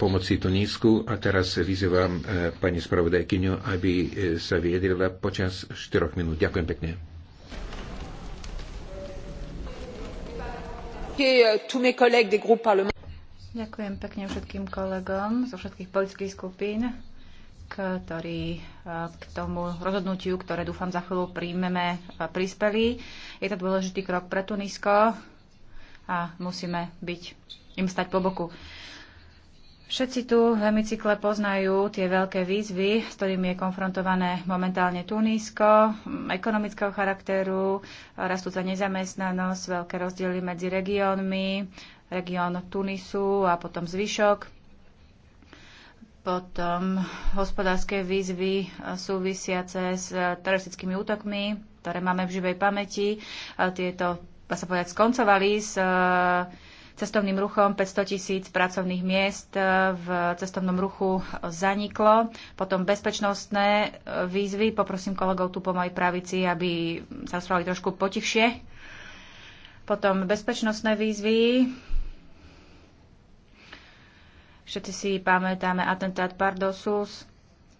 pomoci Tunísku a teraz vyzývam e, pani spravodajkyňu, aby e, sa vyjadrila počas 4 minút. Ďakujem pekne. Ďakujem pekne všetkým kolegom zo všetkých politických skupín, ktorí e, k tomu rozhodnutiu, ktoré dúfam za chvíľu príjmeme, prispeli. Je to dôležitý krok pre Tunisko a musíme byť, im stať po boku. Všetci tu v hemicykle poznajú tie veľké výzvy, s ktorými je konfrontované momentálne Tunísko, ekonomického charakteru, rastúca nezamestnanosť, veľké rozdiely medzi regiónmi, región Tunisu a potom zvyšok potom hospodárske výzvy súvisiace s teroristickými útokmi, ktoré máme v živej pamäti. Tieto, dá sa povedať, skoncovali s cestovným ruchom 500 tisíc pracovných miest e, v cestovnom ruchu zaniklo. Potom bezpečnostné e, výzvy. Poprosím kolegov tu po mojej pravici, aby sa rozprávali trošku potichšie. Potom bezpečnostné výzvy. Všetci si pamätáme atentát Pardosus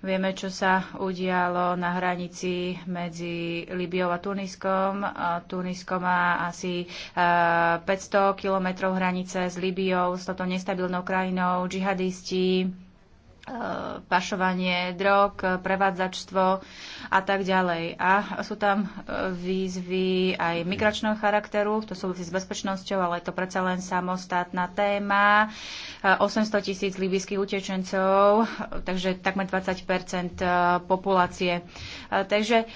Vieme, čo sa udialo na hranici medzi Libiou a Tuniskom. Tunisko má asi 500 e, kilometrov hranice s Libiou, s touto nestabilnou krajinou, džihadisti E, pašovanie drog, prevádzačstvo a tak ďalej. A sú tam e, výzvy aj migračného charakteru, to súvisí s bezpečnosťou, ale je to predsa len samostatná téma. 800 e, tisíc líbyských utečencov, takže takmer 20 populácie. Takže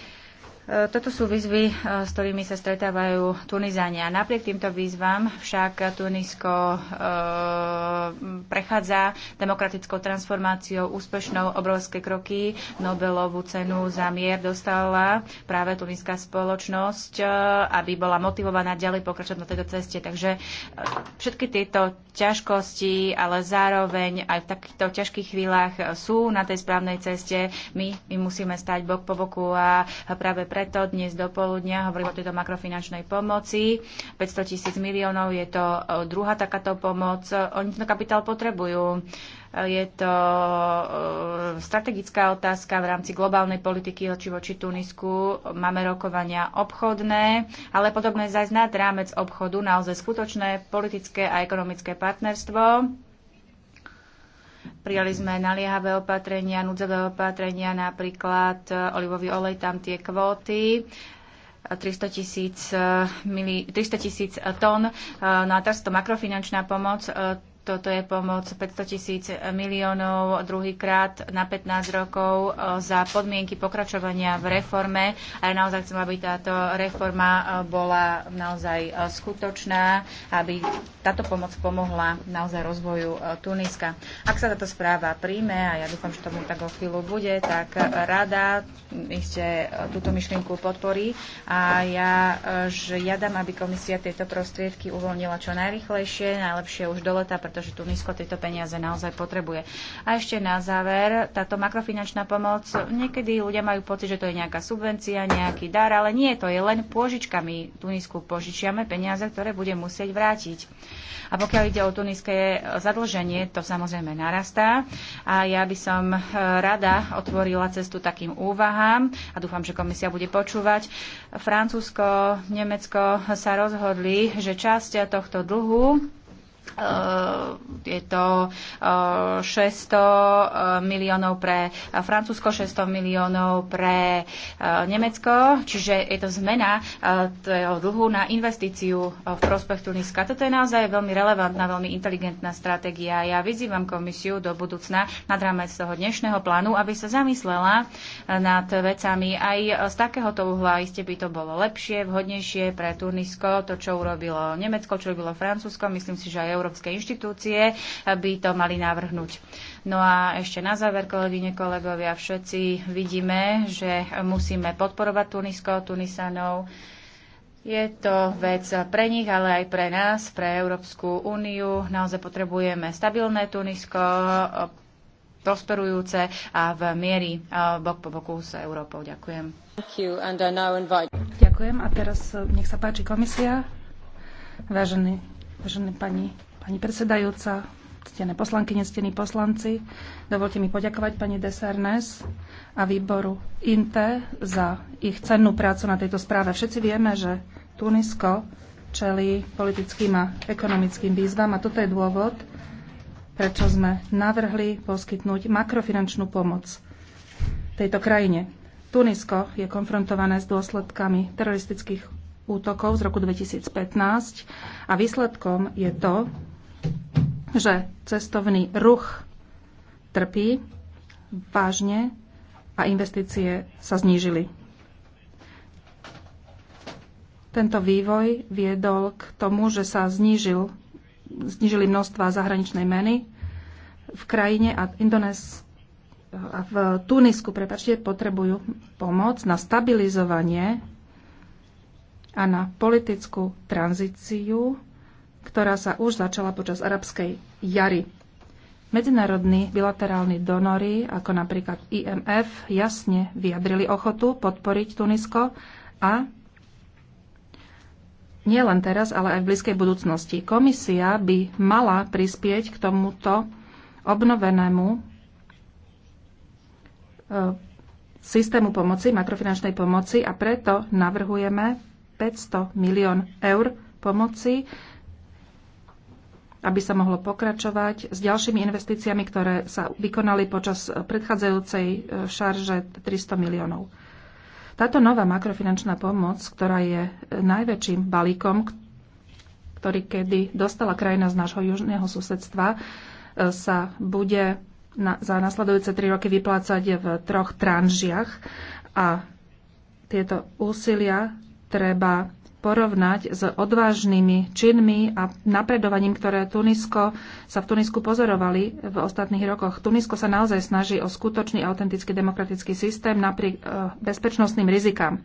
toto sú výzvy, e, s ktorými sa stretávajú Tunizania. Napriek týmto výzvam však Tunisko e, prechádza demokratickou transformáciou, úspešnou obrovské kroky. Nobelovú cenu za mier dostala práve tuniská spoločnosť, e, aby bola motivovaná ďalej pokračovať na tejto ceste. Takže e, všetky tieto ťažkosti, ale zároveň aj v takýchto ťažkých chvíľach sú na tej správnej ceste. My, my musíme stať bok po boku a práve preto dnes do poludnia hovorím o tejto makrofinančnej pomoci. 500 tisíc miliónov je to e, druhá takáto pomoc. E, oni ten kapitál potrebujú. E, je to strategická otázka v rámci globálnej politiky či voči Tunisku. Máme rokovania obchodné, ale podobné zajsť rámec obchodu, naozaj skutočné politické a ekonomické partnerstvo Prijali sme naliehavé opatrenia, núdzové opatrenia, napríklad e, olivový olej, tam tie kvóty. 300 e, tisíc, 300 e, tisíc tón. No a teraz to makrofinančná pomoc, toto je pomoc 500 tisíc miliónov, druhýkrát na 15 rokov e, za podmienky pokračovania v reforme. A naozaj chcem, aby táto reforma e, bola naozaj e, skutočná, aby táto pomoc pomohla naozaj rozvoju Tuniska. Ak sa táto správa príjme, a ja dúfam, že tomu tak o chvíľu bude, tak rada ste túto myšlienku podporí a ja žiadam, aby komisia tieto prostriedky uvoľnila čo najrychlejšie, najlepšie už do leta, pretože pretože Tunisko tieto peniaze naozaj potrebuje. A ešte na záver, táto makrofinančná pomoc, niekedy ľudia majú pocit, že to je nejaká subvencia, nejaký dar, ale nie, to je len pôžička. My Tunisku požičiame peniaze, ktoré bude musieť vrátiť. A pokiaľ ide o tuniské zadlženie, to samozrejme narastá. A ja by som e, rada otvorila cestu takým úvahám a dúfam, že komisia bude počúvať. Francúzsko, Nemecko sa rozhodli, že časť tohto dlhu Eh, je to 600 eh, eh, miliónov pre Francúzsko, 600 miliónov pre Nemecko, čiže je to zmena toho dlhu na investíciu v prospech Tuniska. Toto je naozaj veľmi relevantná, veľmi inteligentná stratégia. Ja vyzývam komisiu do budúcna nad rámec toho dnešného plánu, aby sa zamyslela nad vecami aj z takéhoto uhla. Iste by to bolo lepšie, vhodnejšie pre Tunisko, to, čo urobilo Nemecko, čo urobilo Francúzsko. Myslím si, že aj európske inštitúcie by to mali navrhnúť. No a ešte na záver, kolegyne, kolegovia, všetci vidíme, že musíme podporovať Tunisko, Tunisanov. Je to vec pre nich, ale aj pre nás, pre Európsku úniu. Naozaj potrebujeme stabilné Tunisko, prosperujúce a v miery bok po boku s Európou. Ďakujem. Ďakujem a teraz nech sa páči komisia. Vážený Vážené pani, pani predsedajúca, ctené poslanky, ctení poslanci, dovolte mi poďakovať pani Desernes a výboru INTE za ich cennú prácu na tejto správe. Všetci vieme, že Tunisko čelí politickým a ekonomickým výzvam a toto je dôvod, prečo sme navrhli poskytnúť makrofinančnú pomoc tejto krajine. Tunisko je konfrontované s dôsledkami teroristických útokov z roku 2015 a výsledkom je to, že cestovný ruch trpí vážne a investície sa znížili. Tento vývoj viedol k tomu, že sa znížil, znížili množstva zahraničnej meny v krajine a Indonéz a v Tunisku, prepačte, potrebujú pomoc na stabilizovanie a na politickú tranzíciu, ktorá sa už začala počas arabskej jary. Medzinárodní bilaterálni donory, ako napríklad IMF, jasne vyjadrili ochotu podporiť Tunisko a nie len teraz, ale aj v blízkej budúcnosti. Komisia by mala prispieť k tomuto obnovenému e, systému pomoci, makrofinančnej pomoci a preto navrhujeme 500 milión eur pomoci, aby sa mohlo pokračovať s ďalšími investíciami, ktoré sa vykonali počas predchádzajúcej e, šarže 300 miliónov. Táto nová makrofinančná pomoc, ktorá je e, najväčším balíkom, ktorý kedy dostala krajina z nášho južného susedstva, e, sa bude na, za nasledujúce tri roky vyplácať v troch tranžiach a tieto úsilia treba porovnať s odvážnymi činmi a napredovaním, ktoré Tunisko sa v Tunisku pozorovali v ostatných rokoch. Tunisko sa naozaj snaží o skutočný autentický demokratický systém napriek e, bezpečnostným rizikám.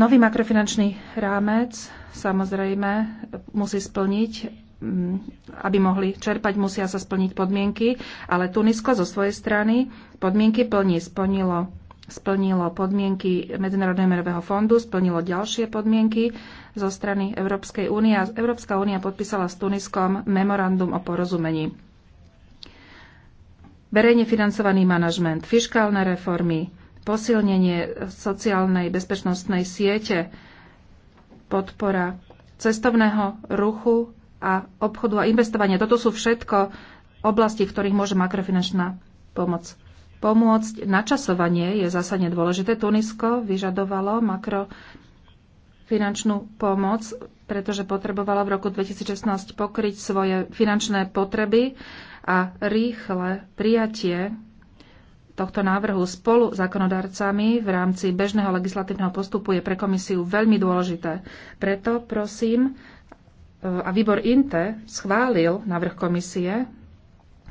Nový makrofinančný rámec samozrejme musí splniť mm, aby mohli čerpať, musia sa splniť podmienky, ale Tunisko zo svojej strany podmienky plní. Splnilo splnilo podmienky Medzinárodného merového fondu, splnilo ďalšie podmienky zo strany Európskej únie a Európska únia podpísala s Tuniskom memorandum o porozumení. Verejne financovaný manažment, fiškálne reformy, posilnenie sociálnej bezpečnostnej siete, podpora cestovného ruchu a obchodu a investovania. Toto sú všetko oblasti, v ktorých môže makrofinančná pomoc pomôcť. Načasovanie je zásadne dôležité. Tunisko vyžadovalo makro finančnú pomoc, pretože potrebovalo v roku 2016 pokryť svoje finančné potreby a rýchle prijatie tohto návrhu spolu zákonodarcami v rámci bežného legislatívneho postupu je pre komisiu veľmi dôležité. Preto prosím, e, a výbor INTE schválil návrh komisie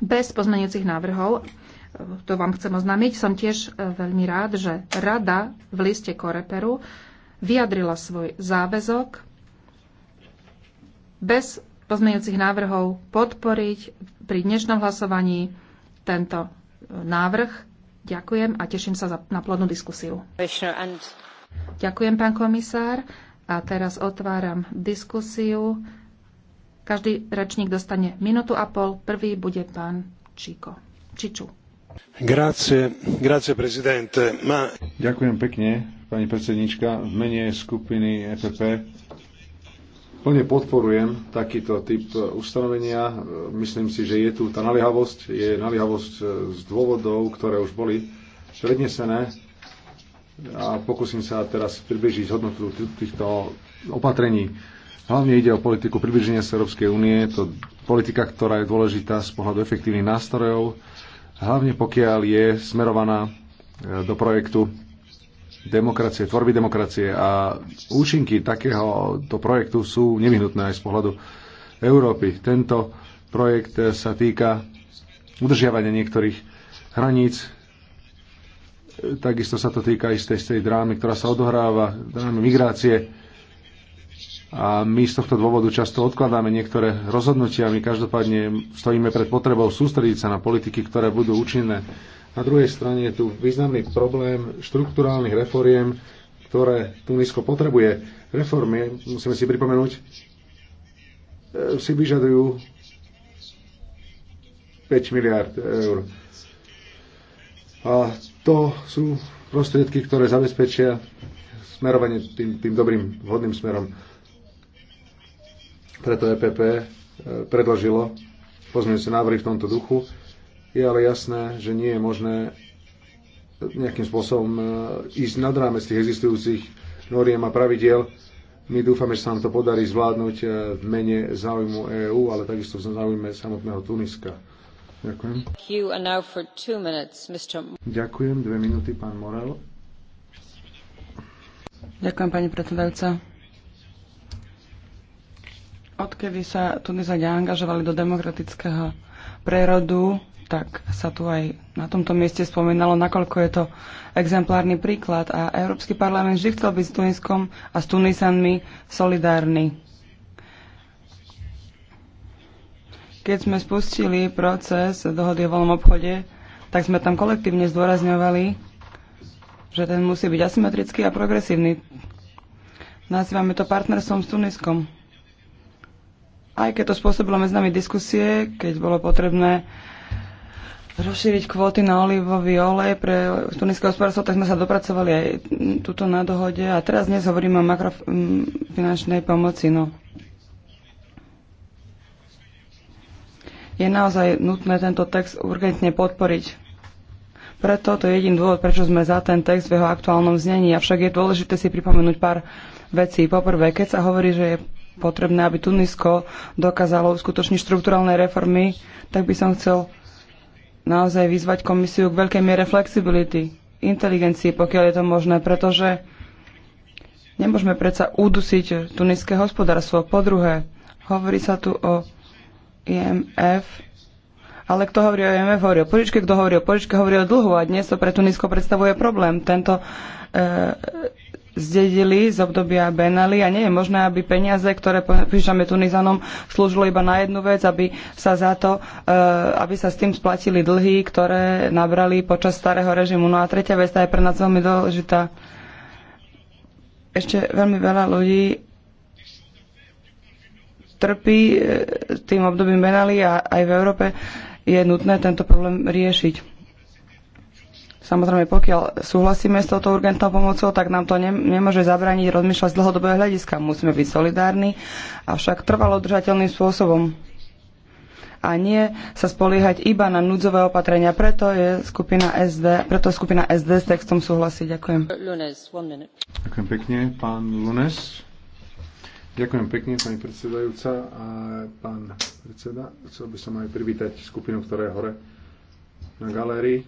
bez pozmenujúcich návrhov to vám chcem oznámiť. Som tiež e, veľmi rád, že Rada v liste Koreperu vyjadrila svoj záväzok bez pozmeňujúcich návrhov podporiť pri dnešnom hlasovaní tento e, návrh. Ďakujem a teším sa na plodnú diskusiu. Ďakujem, pán komisár. A teraz otváram diskusiu. Každý rečník dostane minútu a pol. Prvý bude pán Číko. Čiču. Ďakujem pekne, pani predsedníčka. V mene skupiny EPP plne podporujem takýto typ ustanovenia. Myslím si, že je tu tá naliehavosť. Je naliehavosť z dôvodov, ktoré už boli prednesené. A pokúsim sa teraz približiť hodnotu týchto opatrení. Hlavne ide o politiku približenia sa Európskej únie. To politika, ktorá je dôležitá z pohľadu efektívnych nástrojov hlavne pokiaľ je smerovaná e, do projektu demokracie, tvorby demokracie a účinky takéhoto projektu sú nevyhnutné aj z pohľadu Európy. Tento projekt e, sa týka udržiavania niektorých hraníc, e, takisto sa to týka istej z tej drámy, ktorá sa odohráva, drámy migrácie, a my z tohto dôvodu často odkladáme niektoré rozhodnutia. My každopádne stojíme pred potrebou sústrediť sa na politiky, ktoré budú účinné. Na druhej strane je tu významný problém štruktúrálnych reforiem, ktoré Tunisko potrebuje. Reformy, musíme si pripomenúť, e, si vyžadujú 5 miliard eur. A to sú prostriedky, ktoré zabezpečia smerovanie tým, tým dobrým, vhodným smerom. Preto EPP e, predložilo pozmeňujúce návrhy v tomto duchu. Je ale jasné, že nie je možné nejakým spôsobom e, ísť nad rámec tých existujúcich noriem a pravidiel. My dúfame, že sa nám to podarí zvládnuť e, v mene záujmu EÚ, ale takisto v záujme samotného Tuniska. Ďakujem. Ďakujem. Dve minúty, pán Morel. Ďakujem, pani predsedajúca. Odkedy sa Tunizania angažovali do demokratického prerodu, tak sa tu aj na tomto mieste spomínalo, nakoľko je to exemplárny príklad a Európsky parlament vždy chcel byť s Tuniskom a s Tunisanmi solidárny. Keď sme spustili proces dohody o voľnom obchode, tak sme tam kolektívne zdôrazňovali, že ten musí byť asymetrický a progresívny. Nazývame to partnerstvom s Tuniskom. Aj keď to spôsobilo medzi nami diskusie, keď bolo potrebné rozšíriť kvóty na olivový olej pre tuniské hospodárstvo, tak sme sa dopracovali aj túto na dohode. A teraz dnes hovoríme o makrofinančnej pomoci. No. Je naozaj nutné tento text urgentne podporiť. Preto to je jediný dôvod, prečo sme za ten text v jeho aktuálnom znení. Avšak je dôležité si pripomenúť pár vecí. Poprvé, keď sa hovorí, že je potrebné, aby Tunisko dokázalo uskutočniť štruktúralné reformy, tak by som chcel naozaj vyzvať komisiu k veľkej miere flexibility, inteligencii, pokiaľ je to možné, pretože nemôžeme predsa udusiť tuniské hospodárstvo. Po druhé, hovorí sa tu o IMF, ale kto hovorí o IMF, hovorí o požičke, kto hovorí o požičke, hovorí o dlhu a dnes to pre Tunisko predstavuje problém. Tento eh, zdedili z obdobia benali a nie je možné, aby peniaze, ktoré píšame Tunizanom, slúžili iba na jednu vec, aby sa za to, e, aby sa s tým splatili dlhy, ktoré nabrali počas starého režimu. No a tretia vec, tá je pre nás veľmi dôležitá. Ešte veľmi veľa ľudí trpí e, tým obdobím Benali a aj v Európe je nutné tento problém riešiť. Samozrejme, pokiaľ súhlasíme s touto urgentnou pomocou, tak nám to ne- nemôže zabrániť rozmýšľať z dlhodobého hľadiska. Musíme byť solidárni, avšak trvalo udržateľným spôsobom a nie sa spoliehať iba na núdzové opatrenia. Preto je skupina SD, preto skupina SD s textom súhlasí. Ďakujem. Lunes, Ďakujem pekne, pán Lunes. Ďakujem pekne, pani predsedajúca a pán predseda. Chcel by som aj privítať skupinu, ktorá je hore na galérii.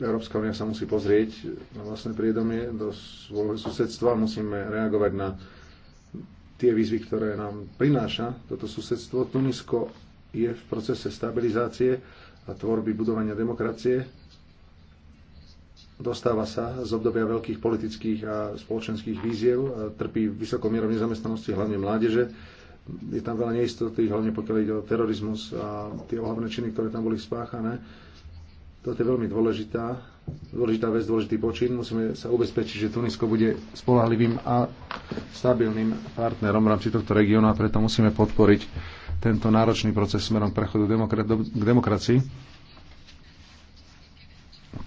Európska únia sa musí pozrieť na vlastné priedomie do svojho susedstva. Musíme reagovať na tie výzvy, ktoré nám prináša toto susedstvo. Tunisko je v procese stabilizácie a tvorby budovania demokracie. Dostáva sa z obdobia veľkých politických a spoločenských víziev, a trpí vysokou mierou nezamestnanosti, hlavne mládeže. Je tam veľa neistoty, hlavne pokiaľ ide o terorizmus a tie ohavné činy, ktoré tam boli spáchané toto je veľmi dôležitá, dôležitá vec, dôležitý počin. Musíme sa ubezpečiť, že Tunisko bude spolahlivým a stabilným partnerom v rámci tohto regiónu a preto musíme podporiť tento náročný proces smerom prechodu demokra- k demokracii.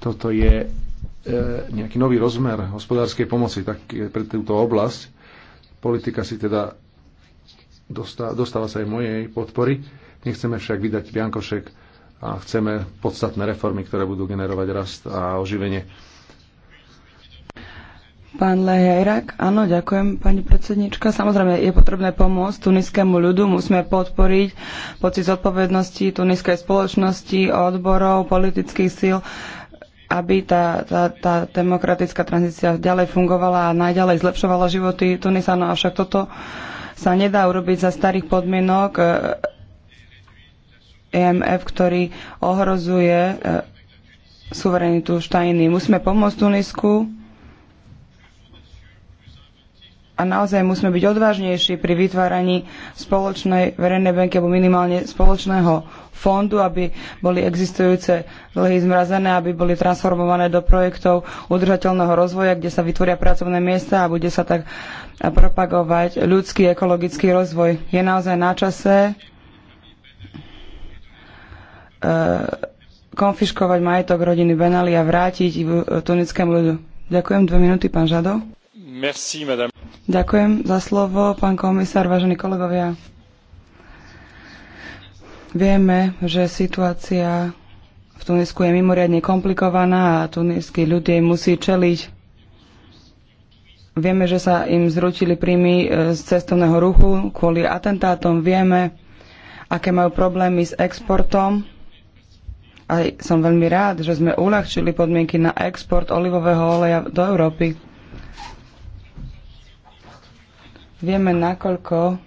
Toto je e, nejaký nový rozmer hospodárskej pomoci tak pre túto oblasť. Politika si teda dostá, dostáva sa aj mojej podpory. Nechceme však vydať Biankošek a chceme podstatné reformy, ktoré budú generovať rast a oživenie. Pán Lehejrak, áno, ďakujem, pani predsednička. Samozrejme, je potrebné pomôcť tuniskému ľudu, musíme podporiť pocit zodpovednosti tuniskej spoločnosti, odborov, politických síl, aby tá, tá, tá demokratická tranzícia ďalej fungovala a najďalej zlepšovala životy Tunisanov. Avšak toto sa nedá urobiť za starých podmienok EMF, ktorý ohrozuje e, suverenitu štajiny. Musíme pomôcť Tunisku a naozaj musíme byť odvážnejší pri vytváraní spoločnej verejnej banky alebo minimálne spoločného fondu, aby boli existujúce dlhy zmrazené, aby boli transformované do projektov udržateľného rozvoja, kde sa vytvoria pracovné miesta a bude sa tak propagovať ľudský ekologický rozvoj. Je naozaj na čase E, konfiškovať majetok rodiny Benali a vrátiť e, tunickému ľudu. Ďakujem, dve minúty, pán Žado. Merci, madame. Ďakujem za slovo, pán komisár, vážení kolegovia. Vieme, že situácia v Tunisku je mimoriadne komplikovaná a tunisský ľud jej musí čeliť. Vieme, že sa im zrutili príjmy e, z cestovného ruchu kvôli atentátom. Vieme, aké majú problémy s exportom aj som veľmi rád, že sme uľahčili podmienky na export olivového oleja do Európy. Vieme, nakoľko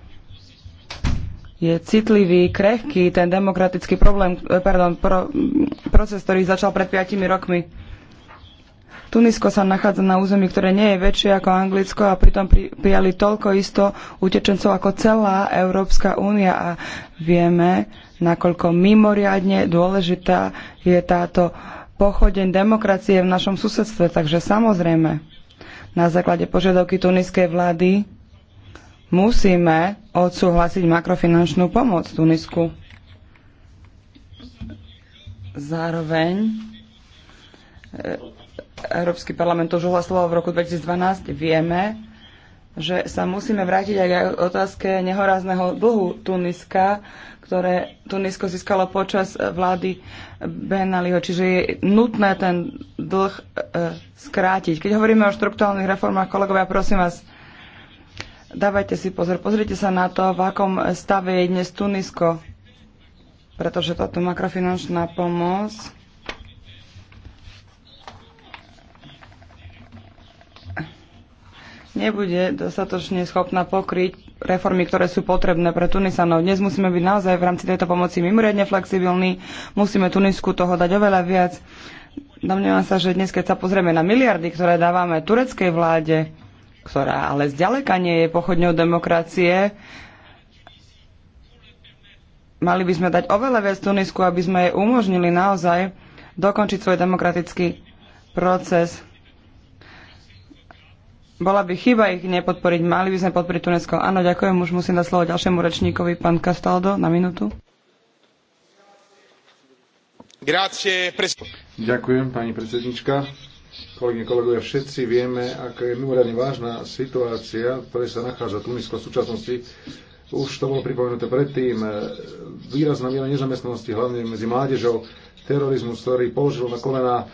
je citlivý, krehký ten demokratický problém, eh, pardon, pro, proces, ktorý začal pred 5 rokmi. Tunisko sa nachádza na území, ktoré nie je väčšie ako Anglicko a pritom prijali toľko isto utečencov ako celá Európska únia a vieme, nakoľko mimoriadne dôležitá je táto pochodeň demokracie v našom susedstve. Takže samozrejme, na základe požiadavky tuniskej vlády musíme odsúhlasiť makrofinančnú pomoc Tunisku. Zároveň e, Európsky parlament už hlasoval v roku 2012. Vieme, že sa musíme vrátiť aj k otázke nehorázneho dlhu Tuniska, ktoré Tunisko získalo počas vlády Benaliho. Čiže je nutné ten dlh e, skrátiť. Keď hovoríme o štruktúrnych reformách, kolegovia, prosím vás, dávajte si pozor. Pozrite sa na to, v akom stave je dnes Tunisko, pretože táto makrofinančná pomoc nebude dostatočne schopná pokryť reformy, ktoré sú potrebné pre Tunisanov. Dnes musíme byť naozaj v rámci tejto pomoci mimoriadne flexibilní, musíme Tunisku toho dať oveľa viac. Domnievam sa, že dnes, keď sa pozrieme na miliardy, ktoré dávame tureckej vláde, ktorá ale zďaleka nie je pochodňou demokracie, mali by sme dať oveľa viac Tunisku, aby sme jej umožnili naozaj dokončiť svoj demokratický proces bola by chyba ich nepodporiť. Mali by sme podporiť Tunesko. Áno, ďakujem. Už musím dať slovo ďalšiemu rečníkovi, pán Castaldo, na minútu. Ďakujem, pani predsednička. Kolegyne, kolegovia, všetci vieme, aká je mimoriadne vážna situácia, v ktorej sa nachádza Tunisko v súčasnosti. Už to bolo pripomenuté predtým. Výrazná miera nezamestnanosti, hlavne medzi mládežou, terorizmus, ktorý položil na kolena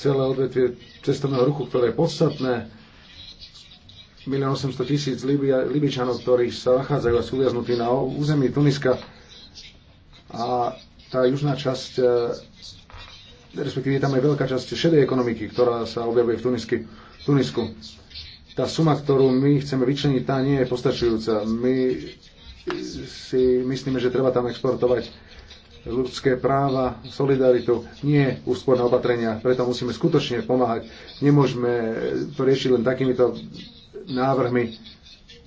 celé odvetvie cestovného ruchu, ktoré je podstatné 1 800 tisíc Libičanov, ktorí sa nachádzajú a sú viaznutí na území Tuniska. A tá južná časť, e, respektíve tam je veľká časť šedej ekonomiky, ktorá sa objavuje v Tunisky, Tunisku. Tá suma, ktorú my chceme vyčleniť, tá nie je postačujúca. My si myslíme, že treba tam exportovať ľudské práva, solidaritu, nie úsporné opatrenia. Preto musíme skutočne pomáhať. Nemôžeme to riešiť len takýmito návrhmi.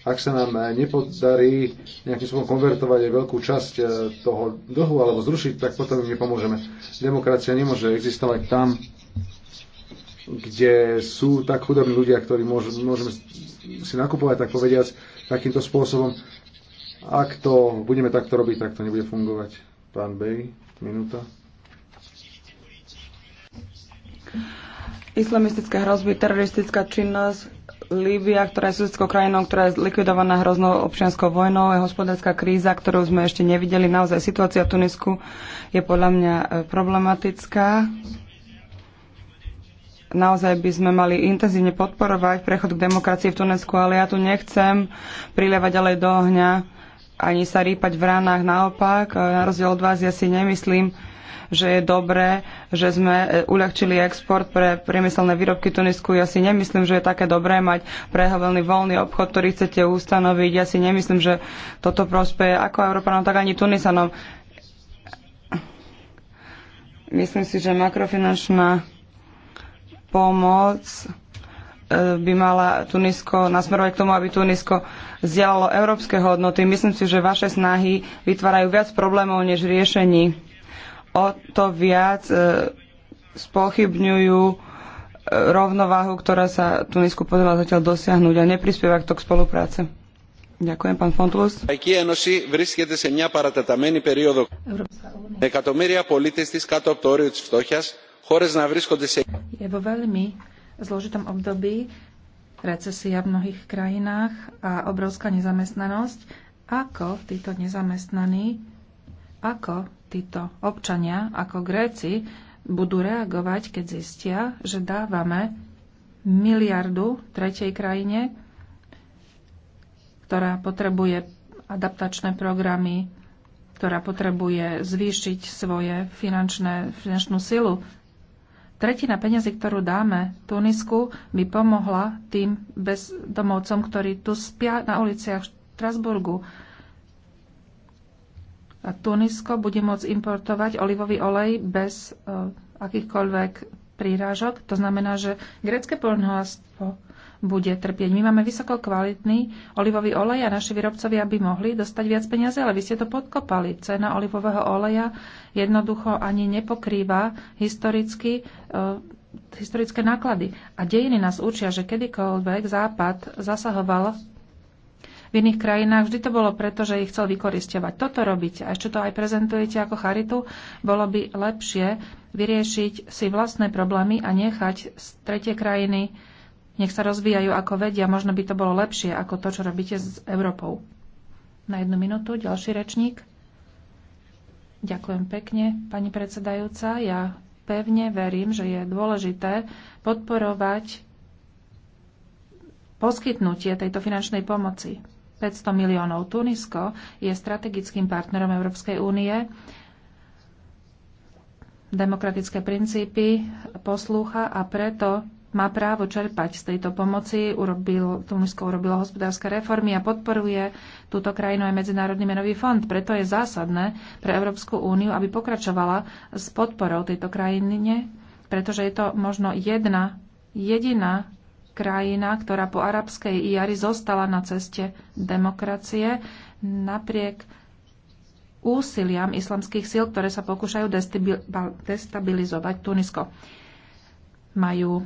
Ak sa nám nepodarí nejakým spôsobom konvertovať aj veľkú časť eh, toho dlhu alebo zrušiť, tak potom im nepomôžeme. Demokracia nemôže existovať tam, kde sú tak chudobní ľudia, ktorí môžeme si nakupovať, tak povediac, takýmto spôsobom. Ak to budeme takto robiť, tak to nebude fungovať. Pán Bej, minúta. Islamistická hrozby, teroristická činnosť, Líbia, ktorá je susedskou krajinou, ktorá je likvidovaná hroznou občianskou vojnou, je hospodárska kríza, ktorú sme ešte nevideli. Naozaj situácia v Tunisku je podľa mňa e, problematická. Naozaj by sme mali intenzívne podporovať prechod k demokracii v Tunisku, ale ja tu nechcem prilievať ďalej do ohňa ani sa rýpať v ranách. Naopak, e, na rozdiel od vás, ja si nemyslím, že je dobré, že sme e, uľahčili export pre priemyselné výrobky Tunisku. Ja si nemyslím, že je také dobré mať prehovelný voľný obchod, ktorý chcete ustanoviť. Ja si nemyslím, že toto prospeje ako Európanom, tak ani Tunisanom. Myslím si, že makrofinančná pomoc e, by mala Tunisko nasmerovať k tomu, aby Tunisko zdialalo európske hodnoty. Myslím si, že vaše snahy vytvárajú viac problémov než riešení o to viac e, spochybňujú e, rovnováhu, ktorá sa tu Tunisku podľa zatiaľ dosiahnuť a neprispieva k to k spolupráce. Ďakujem, pán Fontulus. Je vo veľmi zložitom období recesia v mnohých krajinách a obrovská nezamestnanosť. Ako títo nezamestnaní, ako títo občania ako Gréci budú reagovať, keď zistia, že dávame miliardu tretej krajine, ktorá potrebuje adaptačné programy, ktorá potrebuje zvýšiť svoje finančné, finančnú silu. Tretina peňazí, ktorú dáme Tunisku, by pomohla tým bezdomovcom, ktorí tu spia na uliciach Štrasburgu. Tunisko bude môcť importovať olivový olej bez uh, akýchkoľvek prírážok. To znamená, že grecké poľnohospodárstvo bude trpieť. My máme vysoko kvalitný olivový olej a naši výrobcovia by mohli dostať viac peniazy, ale vy ste to podkopali. Cena olivového oleja jednoducho ani nepokrýva historicky uh, historické náklady. A dejiny nás učia, že kedykoľvek Západ zasahoval v iných krajinách vždy to bolo preto, že ich chcel vykoristovať. Toto robíte a ešte to aj prezentujete ako charitu. Bolo by lepšie vyriešiť si vlastné problémy a nechať z tretie krajiny, nech sa rozvíjajú ako vedia. Možno by to bolo lepšie ako to, čo robíte s Európou. Na jednu minútu ďalší rečník. Ďakujem pekne, pani predsedajúca. Ja pevne verím, že je dôležité podporovať poskytnutie tejto finančnej pomoci. 500 miliónov. Tunisko je strategickým partnerom Európskej únie. Demokratické princípy poslúcha a preto má právo čerpať z tejto pomoci. Urobil, Tunisko urobilo hospodárske reformy a podporuje túto krajinu aj Medzinárodný menový fond. Preto je zásadné pre Európsku úniu, aby pokračovala s podporou tejto krajine, pretože je to možno jedna jediná krajina, ktorá po arabskej jari zostala na ceste demokracie napriek úsiliam islamských síl, ktoré sa pokúšajú destabilizovať Tunisko. Majú e,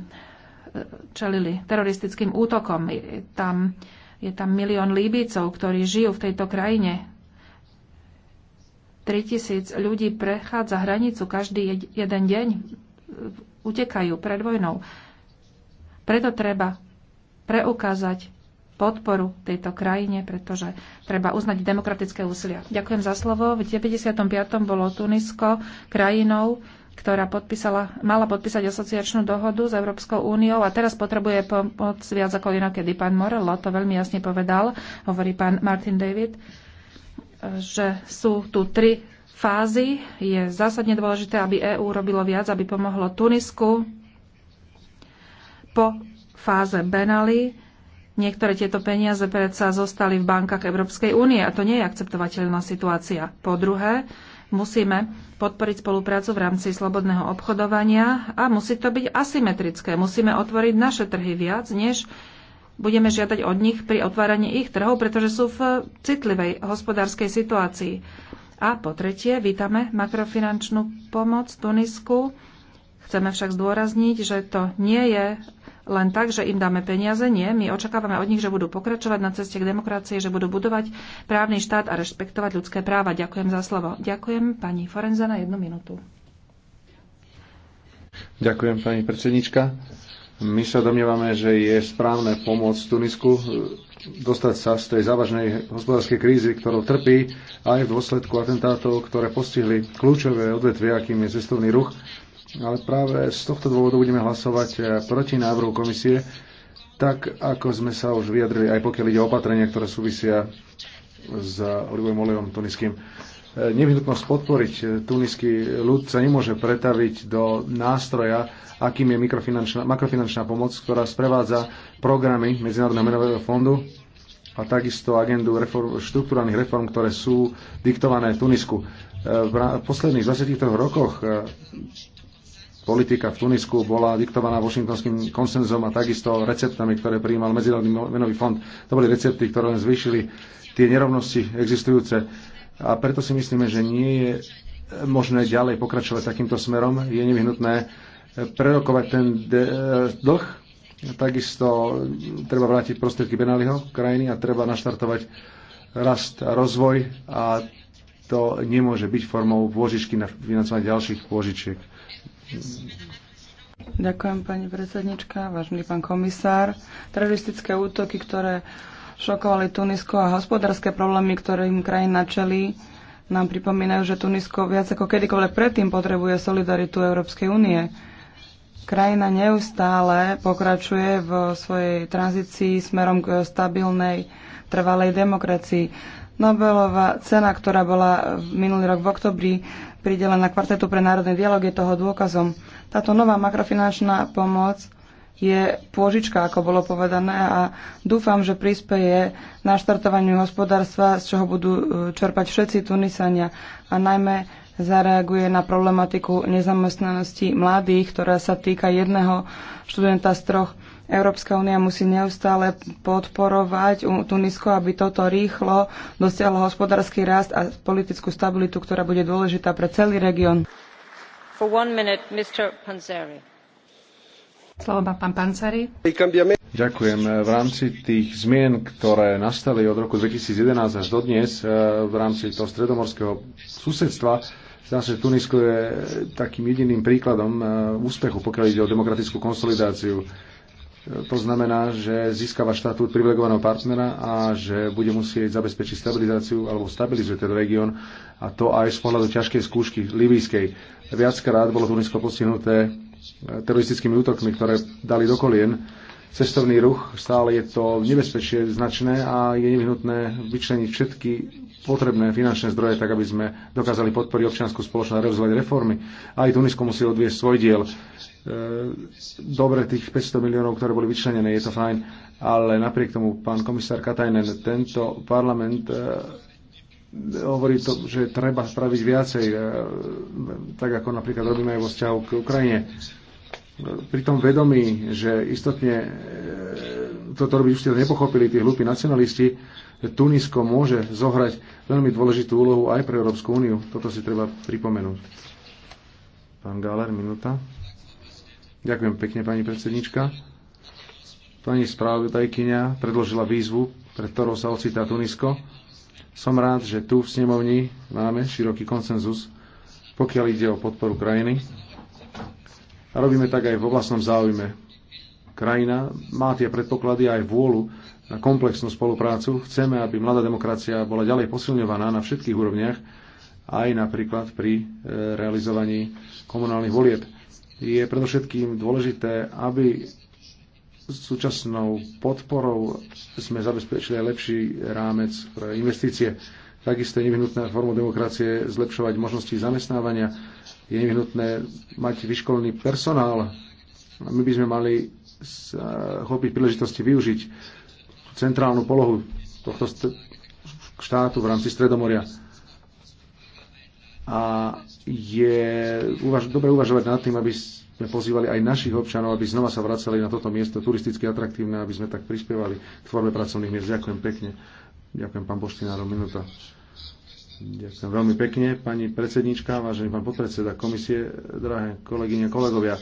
čelili teroristickým útokom. Je tam, je tam milión Líbícov, ktorí žijú v tejto krajine. 3000 ľudí prechádza hranicu každý jeden deň, e, utekajú pred vojnou. Preto treba preukázať podporu tejto krajine, pretože treba uznať demokratické úsilia. Ďakujem za slovo. V 95. bolo Tunisko krajinou, ktorá podpísala, mala podpísať asociačnú dohodu s Európskou úniou a teraz potrebuje pomoc viac ako inokedy. Pán Morello to veľmi jasne povedal, hovorí pán Martin David, že sú tu tri fázy. Je zásadne dôležité, aby EÚ robilo viac, aby pomohlo Tunisku, po fáze Benali niektoré tieto peniaze predsa zostali v bankách Európskej únie a to nie je akceptovateľná situácia. Po druhé, musíme podporiť spoluprácu v rámci slobodného obchodovania a musí to byť asymetrické. Musíme otvoriť naše trhy viac, než budeme žiadať od nich pri otváraní ich trhov, pretože sú v citlivej hospodárskej situácii. A po tretie, vítame makrofinančnú pomoc Tunisku. Chceme však zdôrazniť, že to nie je len tak, že im dáme peniaze. Nie, my očakávame od nich, že budú pokračovať na ceste k demokracii, že budú budovať právny štát a rešpektovať ľudské práva. Ďakujem za slovo. Ďakujem pani Forenza na jednu minútu. Ďakujem pani predsednička. My sa domnievame, že je správne pomôcť Tunisku dostať sa z tej závažnej hospodárskej krízy, ktorou trpí aj v dôsledku atentátov, ktoré postihli kľúčové odvetvia, akým je cestovný ruch. Ale práve z tohto dôvodu budeme hlasovať eh, proti návrhu komisie, tak ako sme sa už vyjadrili, aj pokiaľ ide o opatrenia, ktoré súvisia s olivovým olejom tuniským. E, nevyhnutnosť podporiť e, tuniský ľud sa nemôže pretaviť do nástroja, akým je makrofinančná pomoc, ktorá sprevádza programy Medzinárodného menového fondu a takisto agendu reform, štruktúrálnych reform, ktoré sú diktované Tunisku. E, v posledných 23 rokoch politika v Tunisku bola diktovaná Washingtonským konsenzom a takisto receptami, ktoré prijímal Medzinárodný menový fond. To boli recepty, ktoré len zvýšili tie nerovnosti existujúce a preto si myslíme, že nie je možné ďalej pokračovať takýmto smerom. Je nevyhnutné prerokovať ten dlh, takisto treba vrátiť prostriedky Benaliho krajiny a treba naštartovať rast a rozvoj a to nemôže byť formou pôžičky na financovanie ďalších pôžičiek. Ďakujem, pani predsednička, vážený pán komisár. Teroristické útoky, ktoré šokovali Tunisko a hospodárske problémy, ktorým krajina čelí, nám pripomínajú, že Tunisko viac ako kedykoľvek predtým potrebuje solidaritu Európskej únie. Krajina neustále pokračuje v svojej tranzícii smerom k stabilnej, trvalej demokracii. Nobelová cena, ktorá bola minulý rok v oktobri pridelená kvartetu pre národný dialog, je toho dôkazom. Táto nová makrofinančná pomoc je pôžička, ako bolo povedané a dúfam, že prispieje na štartovaniu hospodárstva, z čoho budú e, čerpať všetci Tunisania a najmä zareaguje na problematiku nezamestnanosti mladých, ktorá sa týka jedného študenta z troch. Európska únia musí neustále podporovať Tunisko, aby toto rýchlo dosiahlo hospodársky rast a politickú stabilitu, ktorá bude dôležitá pre celý región. For one minute, Mr. Panzeri. Slovo má pán Pancari. Ďakujem. V rámci tých zmien, ktoré nastali od roku 2011 až dodnes, eh, v rámci toho stredomorského susedstva, zdá sa, že Tunisko je takým jediným príkladom eh, úspechu, pokiaľ ide o demokratickú konsolidáciu. Eh, to znamená, že získava štatút privilegovaného partnera a že bude musieť zabezpečiť stabilizáciu alebo stabilizuje ten región a to aj z pohľadu ťažkej skúšky libijskej. Viackrát bolo Tunisko postihnuté teroristickými útokmi, ktoré dali do kolien cestovný ruch. Stále je to nebezpečie značné a je nevyhnutné vyčleniť všetky potrebné finančné zdroje, tak aby sme dokázali podporiť občianskú spoločnosť a realizovať reformy. Aj Tunisko musí odviesť svoj diel. E, dobre, tých 500 miliónov, ktoré boli vyčlenené, je to fajn, ale napriek tomu, pán komisár Katajnen, tento parlament e, hovorí to, že treba spraviť viacej, e, tak ako napríklad robíme aj vo vzťahu k Ukrajine. Pri tom vedomí, že istotne e, toto robiť už nepochopili tí hlúpi nacionalisti, Tunisko môže zohrať veľmi dôležitú úlohu aj pre Európsku úniu. Toto si treba pripomenúť. Pán Galer, minúta. Ďakujem pekne, pani predsednička. Pani spravodajkyňa predložila výzvu, pred ktorou sa ocitá Tunisko som rád, že tu v snemovni máme široký konsenzus, pokiaľ ide o podporu krajiny. A robíme tak aj v oblastnom záujme. Krajina má tie predpoklady aj vôľu na komplexnú spoluprácu. Chceme, aby mladá demokracia bola ďalej posilňovaná na všetkých úrovniach, aj napríklad pri e, realizovaní komunálnych volieb. Je predovšetkým dôležité, aby súčasnou podporou sme zabezpečili aj lepší rámec pre investície. Takisto je nevyhnutné formu demokracie zlepšovať možnosti zamestnávania. Je nevyhnutné mať vyškolený personál. My by sme mali chopiť príležitosti využiť centrálnu polohu tohto štátu v rámci Stredomoria. A je uvaž- dobre uvažovať nad tým, aby sme pozývali aj našich občanov, aby znova sa vracali na toto miesto turisticky atraktívne, aby sme tak prispievali k tvorbe pracovných miest. Ďakujem pekne. Ďakujem, pán Boštinárov, minúta. Ďakujem veľmi pekne, pani predsednička, vážený pán podpredseda komisie, drahé kolegyne, kolegovia.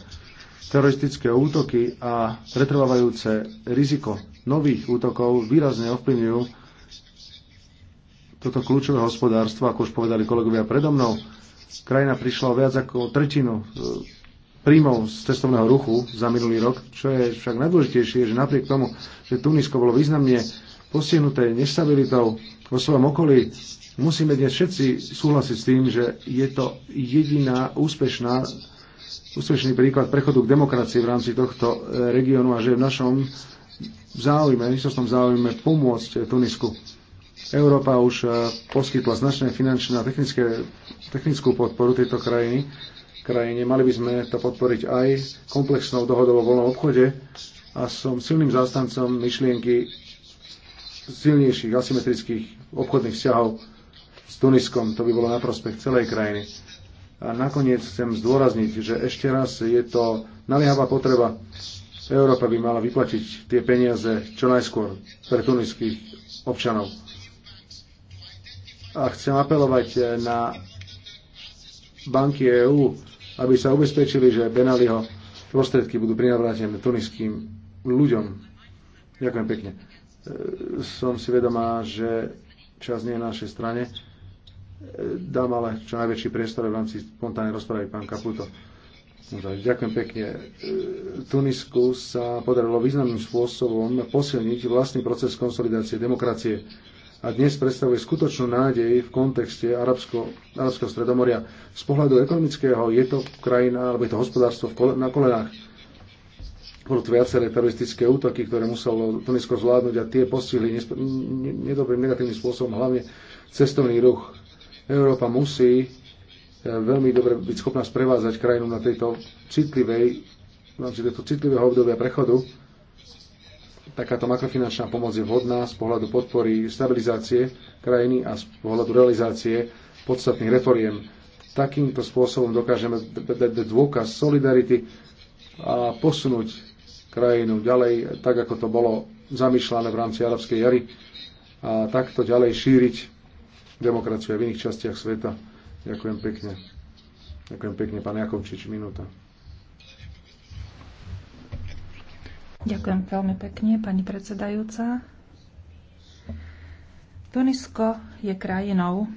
Teroristické útoky a pretrvávajúce riziko nových útokov výrazne ovplyvňujú toto kľúčové hospodárstvo, ako už povedali kolegovia predo mnou. Krajina prišla o viac ako tretinu príjmov z cestovného ruchu za minulý rok, čo je však najdôležitejšie, že napriek tomu, že Tunisko bolo významne postihnuté nestabilitou vo svojom okolí, musíme dnes všetci súhlasiť s tým, že je to jediná úspešná, úspešný príklad prechodu k demokracii v rámci tohto e, regiónu a že je v našom záujme, istostnom záujme pomôcť Tunisku. Európa už e, poskytla značné finančné a technické, technickú podporu tejto krajiny krajine. Mali by sme to podporiť aj komplexnou dohodou o voľnom obchode a som silným zástancom myšlienky silnejších asymetrických obchodných vzťahov s Tuniskom. To by bolo na prospech celej krajiny. A nakoniec chcem zdôrazniť, že ešte raz je to naliehavá potreba. Európa by mala vyplatiť tie peniaze čo najskôr pre tuniských občanov. A chcem apelovať na banky EÚ, aby sa ubezpečili, že Benaliho prostriedky budú prinavrátené tuniským ľuďom. Ďakujem pekne. E, som si vedomá, že čas nie je na našej strane. E, dám ale čo najväčší priestor v rámci spontánnej rozpravy pán Kaputo. Ďakujem pekne. E, Tunisku sa podarilo významným spôsobom posilniť vlastný proces konsolidácie demokracie a dnes predstavuje skutočnú nádej v kontexte Arabsko, Arabského stredomoria. Z pohľadu ekonomického je to krajina, alebo je to hospodárstvo na kolenách. Bolo tu viaceré teroristické útoky, ktoré muselo Tunisko zvládnuť a tie postihli nedobrým negatívnym spôsobom, hlavne cestovný ruch. Európa musí e, veľmi dobre byť schopná sprevázať krajinu na tejto citlivej, na tejto citlivého obdobia prechodu Takáto makrofinančná pomoc je vhodná z pohľadu podpory stabilizácie krajiny a z pohľadu realizácie podstatných reforiem. Takýmto spôsobom dokážeme dať dôkaz solidarity a posunúť krajinu ďalej, tak ako to bolo zamýšľané v rámci arabskej jary a takto ďalej šíriť demokraciu aj v iných častiach sveta. Ďakujem pekne. Ďakujem pekne, pán Jakovčič, minúta. Ďakujem veľmi pekne, pani predsedajúca. Tunisko je krajinou,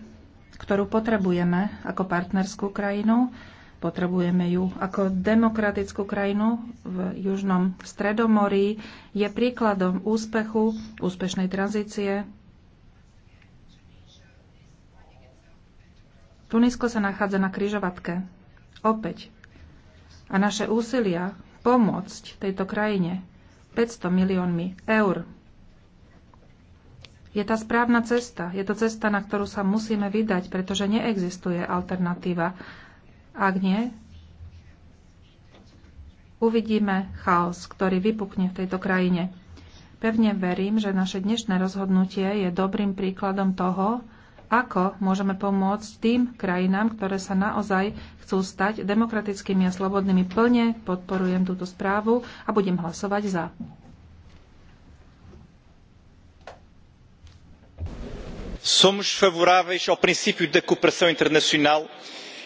ktorú potrebujeme ako partnerskú krajinu. Potrebujeme ju ako demokratickú krajinu v južnom stredomorí. Je príkladom úspechu, úspešnej tranzície. Tunisko sa nachádza na kryžovatke. Opäť. A naše úsilia pomôcť tejto krajine 500 miliónmi eur. Je tá správna cesta. Je to cesta, na ktorú sa musíme vydať, pretože neexistuje alternatíva. Ak nie, uvidíme chaos, ktorý vypukne v tejto krajine. Pevne verím, že naše dnešné rozhodnutie je dobrým príkladom toho, ako môžeme pomôcť tým krajinám, ktoré sa naozaj chcú stať demokratickými a slobodnými. Plne podporujem túto správu a budem hlasovať za. Somos favoráveis cooperação internacional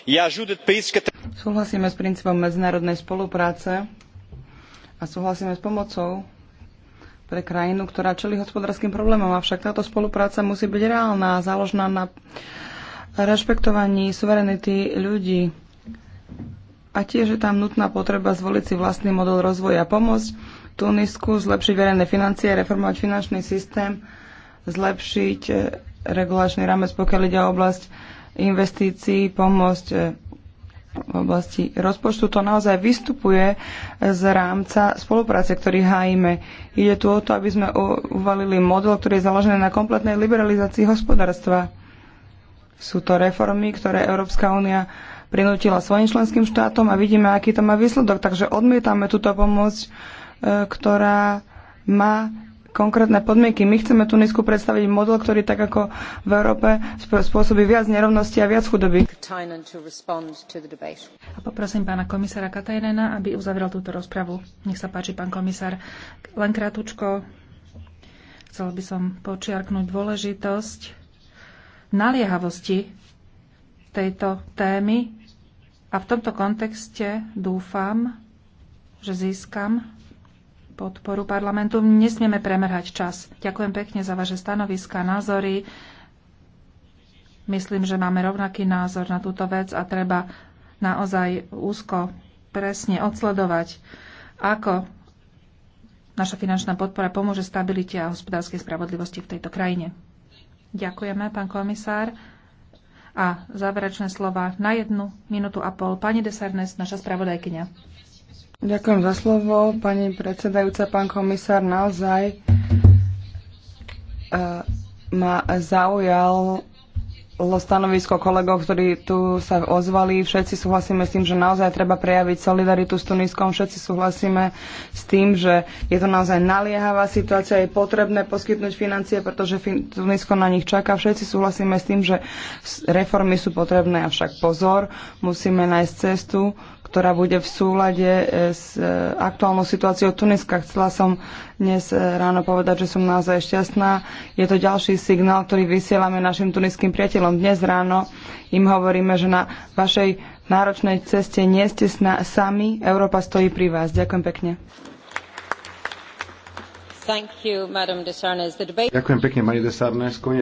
e ajuda de países que... Súhlasíme s princípom medzinárodnej spolupráce a súhlasíme s pomocou pre krajinu, ktorá čeli hospodárskym problémom. Avšak táto spolupráca musí byť reálna a záložná na rešpektovaní suverenity ľudí. A tiež je tam nutná potreba zvoliť si vlastný model rozvoja a pomôcť Tunisku, zlepšiť verejné financie, reformovať finančný systém, zlepšiť eh, regulačný rámec, pokiaľ ide o oblasť investícií, pomôcť eh, v oblasti rozpočtu, to naozaj vystupuje z rámca spolupráce, ktorý hájime. Ide tu o to, aby sme uvalili model, ktorý je založený na kompletnej liberalizácii hospodárstva. Sú to reformy, ktoré Európska únia prinútila svojim členským štátom a vidíme, aký to má výsledok. Takže odmietame túto pomoc, e, ktorá má konkrétne podmienky. My chceme Tunisku predstaviť model, ktorý tak ako v Európe spôsobí viac nerovnosti a viac chudoby. A poprosím pána komisára Katajnena, aby uzavrel túto rozpravu. Nech sa páči, pán komisár. Len krátko chcel by som počiarknúť dôležitosť naliehavosti tejto témy a v tomto kontexte dúfam, že získam podporu parlamentu. Nesmieme premerhať čas. Ďakujem pekne za vaše stanoviska, názory. Myslím, že máme rovnaký názor na túto vec a treba naozaj úzko presne odsledovať, ako naša finančná podpora pomôže stabilite a hospodárskej spravodlivosti v tejto krajine. Ďakujeme, pán komisár. A záverečné slova na jednu minútu a pol. Pani Desernes, naša spravodajkyňa. Ďakujem za slovo, pani predsedajúca, pán komisár, naozaj uh, ma zaujal stanovisko kolegov, ktorí tu sa ozvali. Všetci súhlasíme s tým, že naozaj treba prejaviť solidaritu s Tuniskom. Všetci súhlasíme s tým, že je to naozaj naliehavá situácia. Je potrebné poskytnúť financie, pretože Tunisko na nich čaká. Všetci súhlasíme s tým, že reformy sú potrebné. Avšak pozor, musíme nájsť cestu, ktorá bude v súlade e, s e, aktuálnou situáciou Tuniska. Chcela som dnes e, ráno povedať, že som naozaj šťastná. Je to ďalší signál, ktorý vysielame našim tuniským priateľom. Dnes ráno im hovoríme, že na vašej náročnej ceste nie ste sami, Európa stojí pri vás. Ďakujem pekne. You, Ďakujem pekne, pani de